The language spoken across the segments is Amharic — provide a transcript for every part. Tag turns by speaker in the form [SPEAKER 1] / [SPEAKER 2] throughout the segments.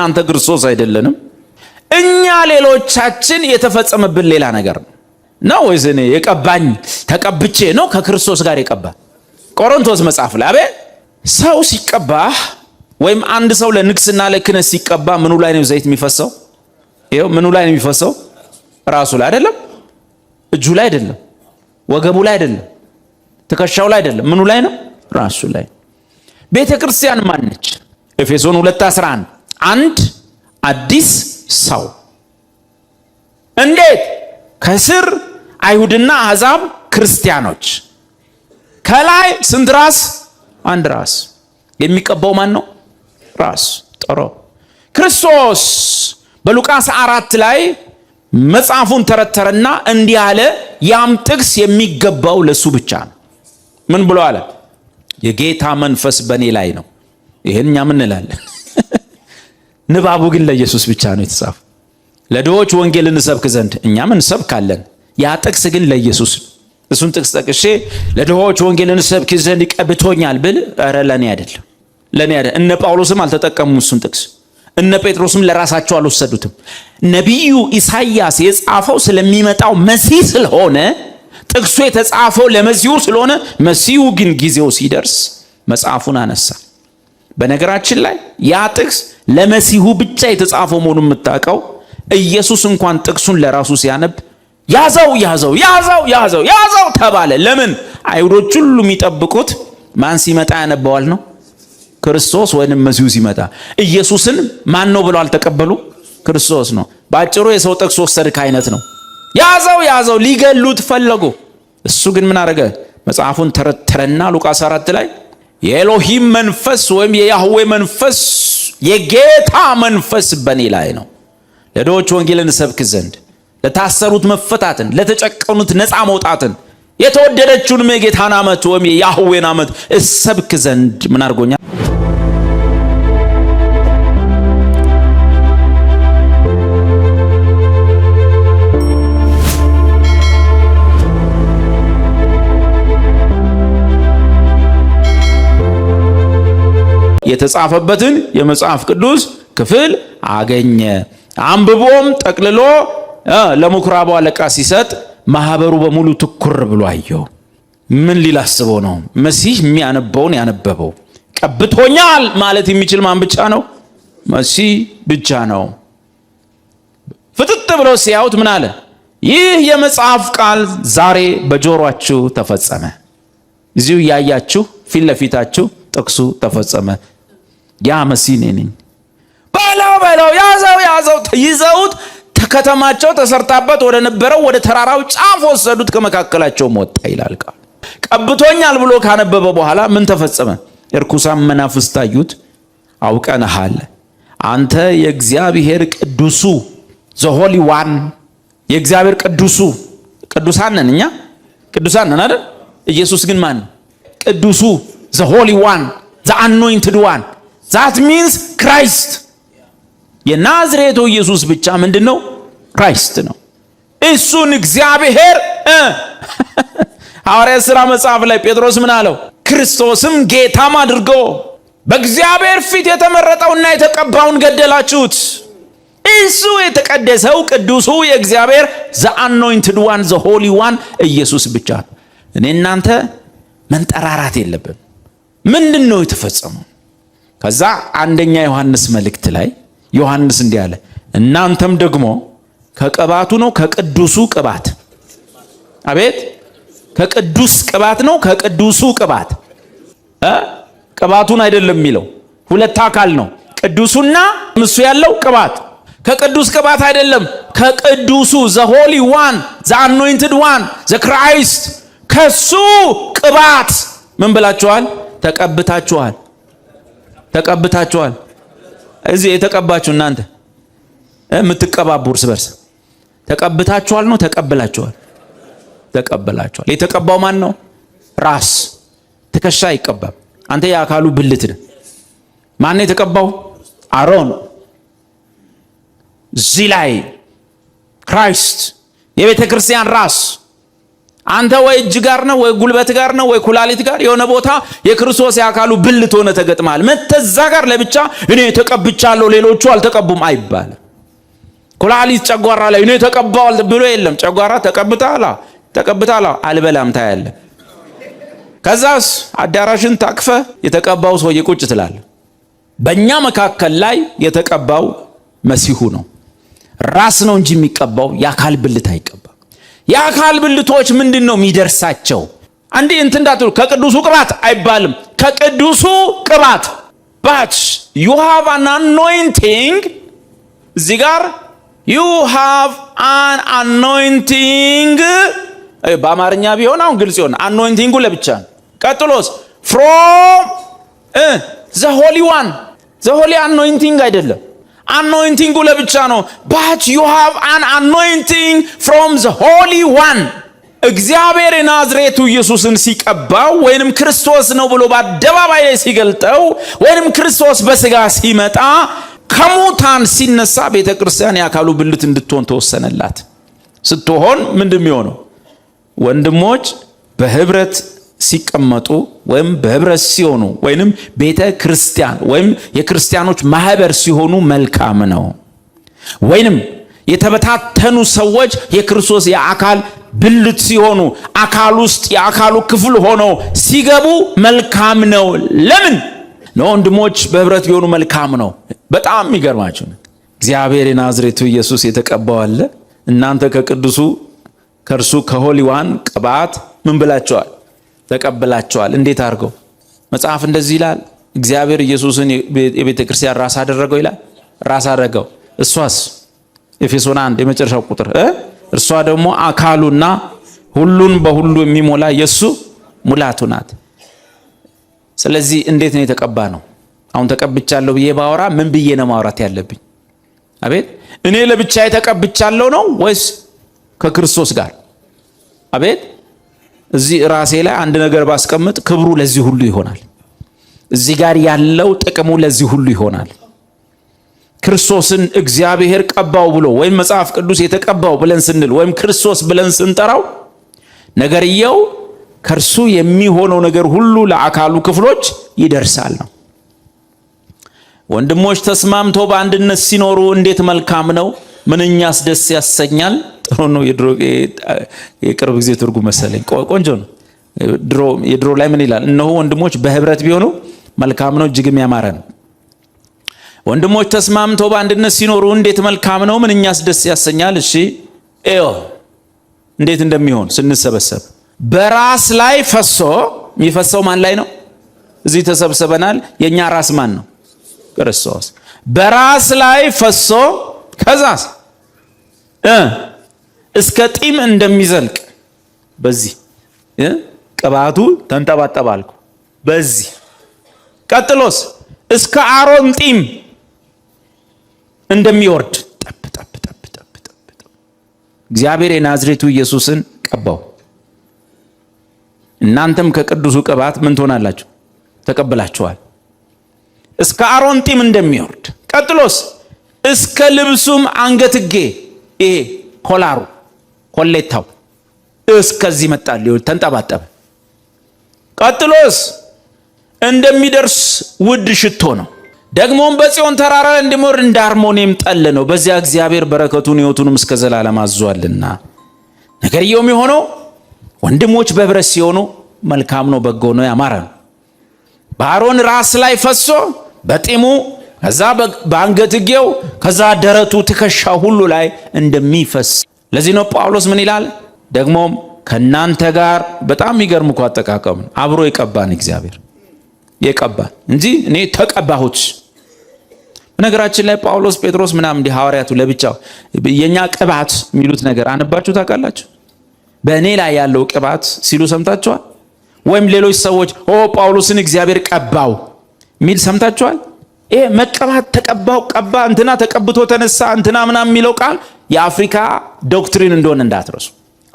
[SPEAKER 1] እናንተ ክርስቶስ አይደለንም? እኛ ሌሎቻችን የተፈጸመብን ሌላ ነገር ነው ነው ወይስ እኔ የቀባኝ ተቀብቼ ነው ከክርስቶስ ጋር የቀባ? ቆሮንቶስ መጽሐፍ ላይ አቤ ሰው ሲቀባ ወይም አንድ ሰው ለንግስና ለክነት ሲቀባ ምኑ ላይ ነው ዘይት የሚፈሰው? ይኸው ምኑ ላይ ነው የሚፈሰው? ራሱ ላይ አይደለም፣ እጁ ላይ አይደለም፣ ወገቡ ላይ አይደለም፣ ትከሻው ላይ አይደለም። ምኑ ላይ ነው? ራሱ ላይ። ቤተ ክርስቲያን ማን ነች? ኤፌሶን 2:11 አንድ አዲስ ሰው እንዴት? ከስር አይሁድና አሕዛብ ክርስቲያኖች፣ ከላይ ስንት ራስ? አንድ ራስ። የሚቀባው ማን ነው? ራስ። ጥሩ። ክርስቶስ በሉቃስ አራት ላይ መጽሐፉን ተረተረና እንዲህ አለ። ያም ጥቅስ የሚገባው ለሱ ብቻ ነው። ምን ብሎ አለ? የጌታ መንፈስ በእኔ ላይ ነው። ይህን እኛ ምን እንላለን? ንባቡ ግን ለኢየሱስ ብቻ ነው የተጻፈው። ለድሆች ወንጌል እንሰብክ ዘንድ እኛም እንሰብካለን። ያ ጥቅስ ግን ለኢየሱስ እሱን ጥቅስ ጠቅሼ ለድሆች ወንጌል እንሰብክ ዘንድ ቀብቶኛል ብል ረ ለእኔ አይደለም ለእኔ አይደለም። እነ ጳውሎስም አልተጠቀሙም እሱን ጥቅስ እነ ጴጥሮስም ለራሳቸው አልወሰዱትም። ነቢዩ ኢሳይያስ የጻፈው ስለሚመጣው መሲህ ስለሆነ ጥቅሱ የተጻፈው ለመሲሁ ስለሆነ መሲሁ ግን ጊዜው ሲደርስ መጽሐፉን አነሳ። በነገራችን ላይ ያ ጥቅስ ለመሲሁ ብቻ የተጻፈው መሆኑን የምታውቀው ኢየሱስ እንኳን ጥቅሱን ለራሱ ሲያነብ ያዘው ያዘው ያዘው ያዘው ያዘው ተባለ። ለምን? አይሁዶች ሁሉ የሚጠብቁት ማን ሲመጣ ያነበዋል ነው። ክርስቶስ ወይንም መሲሁ ሲመጣ ኢየሱስን ማን ነው ብለው አልተቀበሉ። ክርስቶስ ነው። በአጭሩ የሰው ጥቅስ ወሰድክ አይነት ነው። ያዘው ያዘው ሊገሉት ፈለጉ። እሱ ግን ምን አደረገ? መጽሐፉን ተረተረና ሉቃስ አራት ላይ የኤሎሂም መንፈስ ወይም የያህዌ መንፈስ የጌታ መንፈስ በእኔ ላይ ነው፣ ለድሆች ወንጌልን እሰብክ ዘንድ፣ ለታሰሩት መፈታትን፣ ለተጨቀኑት ነፃ መውጣትን፣ የተወደደችውንም የጌታን ዓመት ወይም የያህዌን ዓመት እሰብክ ዘንድ ምን አድርጎኛል? የተጻፈበትን የመጽሐፍ ቅዱስ ክፍል አገኘ። አንብቦም ጠቅልሎ ለምኩራቡ አለቃ ሲሰጥ ማህበሩ በሙሉ ትኩር ብሎ አየው። ምን ሊል ነው? መሲህ የሚያነበውን ያነበበው ቀብቶኛል ማለት የሚችል ማን ብቻ ነው? መሲህ ብቻ ነው። ፍጥጥ ብሎ ሲያዩት ምን አለ? ይህ የመጽሐፍ ቃል ዛሬ በጆሯችሁ ተፈጸመ። እዚሁ እያያችሁ ፊት ለፊታችሁ ጥቅሱ ተፈጸመ። ያ መሲህ እኔ ነኝ። በለው በለው፣ ያዘው ያዘው። ይዘውት ከተማቸው ተሰርታበት ወደ ነበረው ወደ ተራራው ጫፍ ወሰዱት፣ ከመካከላቸውም ወጣ ይላል ቃል። ቀብቶኛል ብሎ ካነበበ በኋላ ምን ተፈጸመ? እርኩሳን መናፍስ ታዩት። አውቀንሃል አንተ የእግዚአብሔር ቅዱሱ ዘሆሊ ዋን የእግዚአብሔር ቅዱሱ ቅዱሳን ነን እኛ ቅዱሳን ነን አይደል? ኢየሱስ ግን ማን ቅዱሱ ዘሆሊ ዋን ዘአኖይንትድ ዋን ዛት ሚንስ ክራይስት የናዝሬቱ ኢየሱስ ብቻ ምንድን ነው? ክራይስት ነው። እሱን እግዚአብሔር ሐዋርያ ሥራ መጽሐፍ ላይ ጴጥሮስ ምን አለው? ክርስቶስም ጌታም አድርጎ በእግዚአብሔር ፊት የተመረጠውና የተቀባውን ገደላችሁት። እሱ የተቀደሰው ቅዱሱ የእግዚአብሔር ዘአኖይንትድ ዋን ዘሆሊ ዋን ኢየሱስ ብቻ ነው። እኔ እናንተ መንጠራራት የለብን። ምንድን ነው የተፈጸመው? ከዛ አንደኛ ዮሐንስ መልእክት ላይ ዮሐንስ እንዲህ አለ፣ እናንተም ደግሞ ከቅባቱ ነው ከቅዱሱ ቅባት አቤት ከቅዱስ ቅባት ነው ከቅዱሱ ቅባት ቅባቱን አይደለም የሚለው ሁለት አካል ነው። ቅዱሱና ምሱ ያለው ቅባት ከቅዱስ ቅባት አይደለም ከቅዱሱ ዘ ሆሊ ዋን ዘ አኖይንትድ ዋን ዘ ክራይስት ከሱ ቅባት ምን ብላችኋል? ተቀብታችኋል። ተቀብታችኋል። እዚህ የተቀባችሁ እናንተ የምትቀባቡ እርስ በርስ ተቀብታችኋል ነው ተቀብላችኋል? ተቀብላችኋል። የተቀባው ማን ነው? ራስ ትከሻ አይቀባም። አንተ የአካሉ ብልት ነህ። ማን የተቀባው? አሮን እዚህ ላይ ክራይስት የቤተ ክርስቲያን ራስ አንተ ወይ እጅ ጋር ነው ወይ ጉልበት ጋር ነው ወይ ኩላሊት ጋር የሆነ ቦታ የክርስቶስ የአካሉ ብልት ሆነ ተገጥመሃል። መተዛ ጋር ለብቻ እኔ ተቀብቻለሁ ሌሎቹ አልተቀቡም አይባልም። ኩላሊት ጨጓራ ላይ እኔ ተቀባዋል ብሎ የለም። ጨጓራ ተቀብታላ ተቀብታላ አልበላም ታያለ። ከዛስ አዳራሽን ታቅፈ የተቀባው ሰውዬ ቁጭ ትላል። በእኛ መካከል ላይ የተቀባው መሲሁ ነው። ራስ ነው እንጂ የሚቀባው የአካል ብልት አይቀባም። የአካል ብልቶች ምንድን ነው የሚደርሳቸው? አንዴ እንትን እንዳትሉ፣ ከቅዱሱ ቅባት አይባልም። ከቅዱሱ ቅባት ባች ዩ ሃቭ አን አኖይንቲንግ። እዚህ ጋር ዩ ሃቭ አን አኖይንቲንግ በአማርኛ ቢሆን አሁን ግልጽ ይሆን። አኖይንቲንጉ ለብቻ ቀጥሎስ፣ ፍሮም ዘ ሆሊ ዋን ዘ ሆሊ አኖይንቲንግ አይደለም አኖይንቲንጉ ለብቻ ነው። ባት ዩ ሃቭ አን አኖይንቲንግ ፍሮም ዘ ሆሊ ዋን እግዚአብሔር የናዝሬቱ ኢየሱስን ሲቀባው ወይንም ክርስቶስ ነው ብሎ በአደባባይ ላይ ሲገልጠው ወይንም ክርስቶስ በስጋ ሲመጣ ከሙታን ሲነሳ ቤተ ክርስቲያን የአካሉ ብልት እንድትሆን ተወሰነላት። ስትሆን ምንድን የሚሆነው ወንድሞች በህብረት ሲቀመጡ ወይም በህብረት ሲሆኑ ወይንም ቤተ ክርስቲያን ወይም የክርስቲያኖች ማህበር ሲሆኑ መልካም ነው። ወይንም የተበታተኑ ሰዎች የክርስቶስ የአካል ብልት ሲሆኑ አካል ውስጥ የአካሉ ክፍል ሆነው ሲገቡ መልካም ነው። ለምን ለወንድሞች በህብረት ቢሆኑ መልካም ነው። በጣም የሚገርማችሁ እግዚአብሔር የናዝሬቱ ኢየሱስ የተቀባው አለ። እናንተ ከቅዱሱ ከእርሱ ከሆሊዋን ቅባት ምን ብላችኋል? ተቀብላቸዋል። እንዴት አድርገው? መጽሐፍ እንደዚህ ይላል፣ እግዚአብሔር ኢየሱስን የቤተ ክርስቲያን ራስ አደረገው ይላል። ራስ አደረገው። እሷስ ኤፌሶን አንድ የመጨረሻው ቁጥር እርሷ ደግሞ አካሉና ሁሉን በሁሉ የሚሞላ የእሱ ሙላቱ ናት። ስለዚህ እንዴት ነው የተቀባ ነው? አሁን ተቀብቻለሁ ብዬ ባወራ ምን ብዬ ነው ማውራት ያለብኝ? አቤት እኔ ለብቻዬ ተቀብቻለሁ ነው ወይስ ከክርስቶስ ጋር? አቤት እዚህ ራሴ ላይ አንድ ነገር ባስቀምጥ ክብሩ ለዚህ ሁሉ ይሆናል። እዚህ ጋር ያለው ጥቅሙ ለዚህ ሁሉ ይሆናል። ክርስቶስን እግዚአብሔር ቀባው ብሎ ወይም መጽሐፍ ቅዱስ የተቀባው ብለን ስንል ወይም ክርስቶስ ብለን ስንጠራው ነገርየው ከእርሱ የሚሆነው ነገር ሁሉ ለአካሉ ክፍሎች ይደርሳል ነው። ወንድሞች ተስማምተው በአንድነት ሲኖሩ እንዴት መልካም ነው! ምንኛስ ደስ ያሰኛል! አሁን ነው የድሮ የቅርብ ጊዜ ትርጉም መሰለኝ። ቆንጆ ነው። የድሮ ላይ ምን ይላል? እነሆ ወንድሞች በህብረት ቢሆኑ መልካም ነው፣ እጅግም ያማረ ነው። ወንድሞች ተስማምተው በአንድነት ሲኖሩ እንዴት መልካም ነው! ምንኛስ ደስ ያሰኛል! እሺ ዮ እንዴት እንደሚሆን ስንሰበሰብ በራስ ላይ ፈሶ የሚፈሰው ማን ላይ ነው? እዚህ ተሰብስበናል። የእኛ ራስ ማን ነው? ክርስቶስ። በራስ ላይ ፈሶ ከዛስ እስከ ጢም እንደሚዘልቅ በዚህ ቅባቱ ተንጠባጠባ አልኩ። በዚህ ቀጥሎስ እስከ አሮን ጢም እንደሚወርድ ጠብ ጠብ ጠብ ጠብ ጠብ እግዚአብሔር የናዝሬቱ ኢየሱስን ቀባው። እናንተም ከቅዱሱ ቅባት ምን ትሆናላችሁ? ተቀብላችኋል። እስከ አሮን ጢም እንደሚወርድ ቀጥሎስ እስከ ልብሱም አንገትጌ ይሄ ኮላሩ ኮሌታው እስከዚህ መጣ፣ ሊሆን ተንጠባጠበ። ቀጥሎስ እንደሚደርስ ውድ ሽቶ ነው። ደግሞም በጽዮን ተራራ እንዲሞር እንደ አርሞኒየም ጠል ነው። በዚያ እግዚአብሔር በረከቱን ሕይወቱንም እስከ ዘላለም አዟልና። ነገርየውም የሆነው ወንድሞች በህብረት ሲሆኑ መልካም ነው፣ በጎ ነው፣ ያማረ ነው። በአሮን ራስ ላይ ፈሶ በጢሙ ከዛ በአንገትጌው ከዛ ደረቱ ትከሻ ሁሉ ላይ እንደሚፈስ ለዚህ ነው ጳውሎስ ምን ይላል? ደግሞም ከእናንተ ጋር በጣም የሚገርም እኮ አብሮ የቀባን እግዚአብሔር የቀባን እንጂ እኔ ተቀባሁት። በነገራችን ላይ ጳውሎስ፣ ጴጥሮስ ምናምን እንዲህ ሐዋርያቱ ለብቻው የእኛ ቅባት የሚሉት ነገር አነባችሁ ታውቃላችሁ? በእኔ ላይ ያለው ቅባት ሲሉ ሰምታችኋል? ወይም ሌሎች ሰዎች ኦ ጳውሎስን እግዚአብሔር ቀባው ሚል ሰምታችኋል? ይሄ መቀባት ተቀባው፣ ቀባ እንትና ተቀብቶ ተነሳ እንትና ምናምን የሚለው ቃል የአፍሪካ ዶክትሪን እንደሆነ እንዳትረሱ።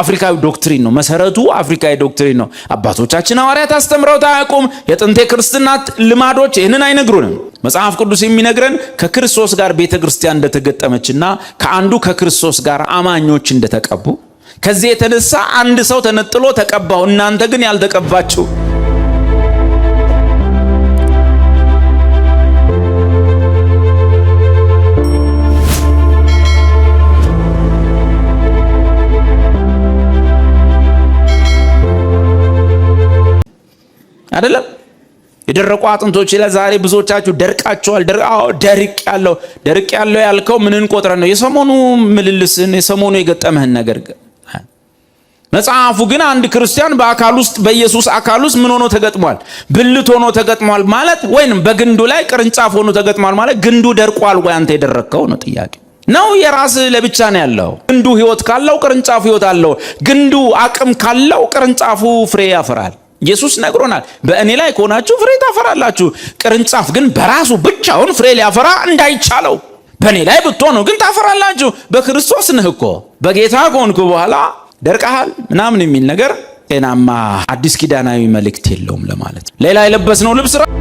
[SPEAKER 1] አፍሪካዊ ዶክትሪን ነው መሰረቱ፣ አፍሪካዊ ዶክትሪን ነው። አባቶቻችን ሐዋርያት አስተምረውት አያውቁም። የጥንቴ ክርስትና ልማዶች ይህንን አይነግሩንም። መጽሐፍ ቅዱስ የሚነግረን ከክርስቶስ ጋር ቤተ ክርስቲያን እንደተገጠመችና ከአንዱ ከክርስቶስ ጋር አማኞች እንደተቀቡ ከዚህ የተነሳ አንድ ሰው ተነጥሎ ተቀባው፣ እናንተ ግን ያልተቀባችሁ አይደለም። የደረቁ አጥንቶች ለዛሬ ብዙዎቻችሁ ደርቃችኋል። ደርቅ ያለው ደርቅ ያለው ያልከው ምንን ቆጥረን ነው? የሰሞኑ ምልልስን የሰሞኑ የገጠመህን ነገር መጽሐፉ ግን አንድ ክርስቲያን በአካል ውስጥ በኢየሱስ አካል ውስጥ ምን ሆኖ ተገጥሟል? ብልት ሆኖ ተገጥሟል ማለት ወይንም በግንዱ ላይ ቅርንጫፍ ሆኖ ተገጥሟል ማለት ግንዱ ደርቋል ወይ? አንተ የደረከው ነው ጥያቄ ነው። የራስ ለብቻ ነው ያለው። ግንዱ ህይወት ካለው ቅርንጫፉ ህይወት አለው። ግንዱ አቅም ካለው ቅርንጫፉ ፍሬ ያፈራል። ኢየሱስ ነግሮናል። በእኔ ላይ ከሆናችሁ ፍሬ ታፈራላችሁ። ቅርንጫፍ ግን በራሱ ብቻውን ፍሬ ሊያፈራ እንዳይቻለው በእኔ ላይ ብትሆኑ ግን ታፈራላችሁ። በክርስቶስ ነህ እኮ በጌታ ከሆንኩ በኋላ ደርቀሃል ምናምን የሚል ነገር ጤናማ አዲስ ኪዳናዊ መልእክት የለውም ለማለት ሌላ የለበስነው ልብስ